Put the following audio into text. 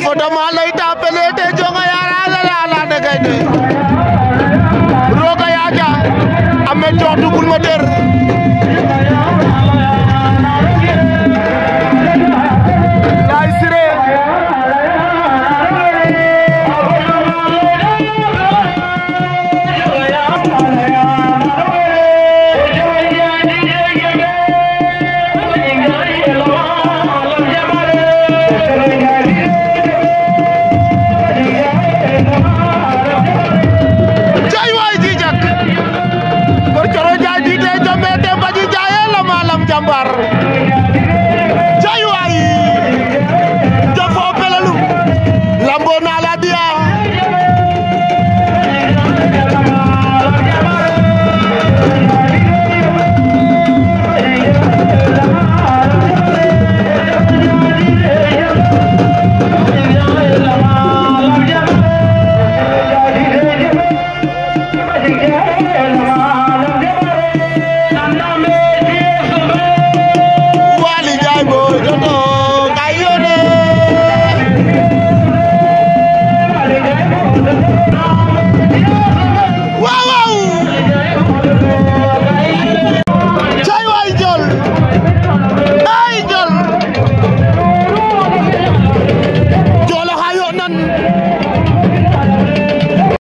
فٹو ما لئی ٹاپ لے تے جو گا یار آلا آلا ن کي ني روگا اچا ا مے چوٹو بولما تر لا اسرے آلا jàmbaar jaywaay jafoo pelelu lamboo naa la diyaa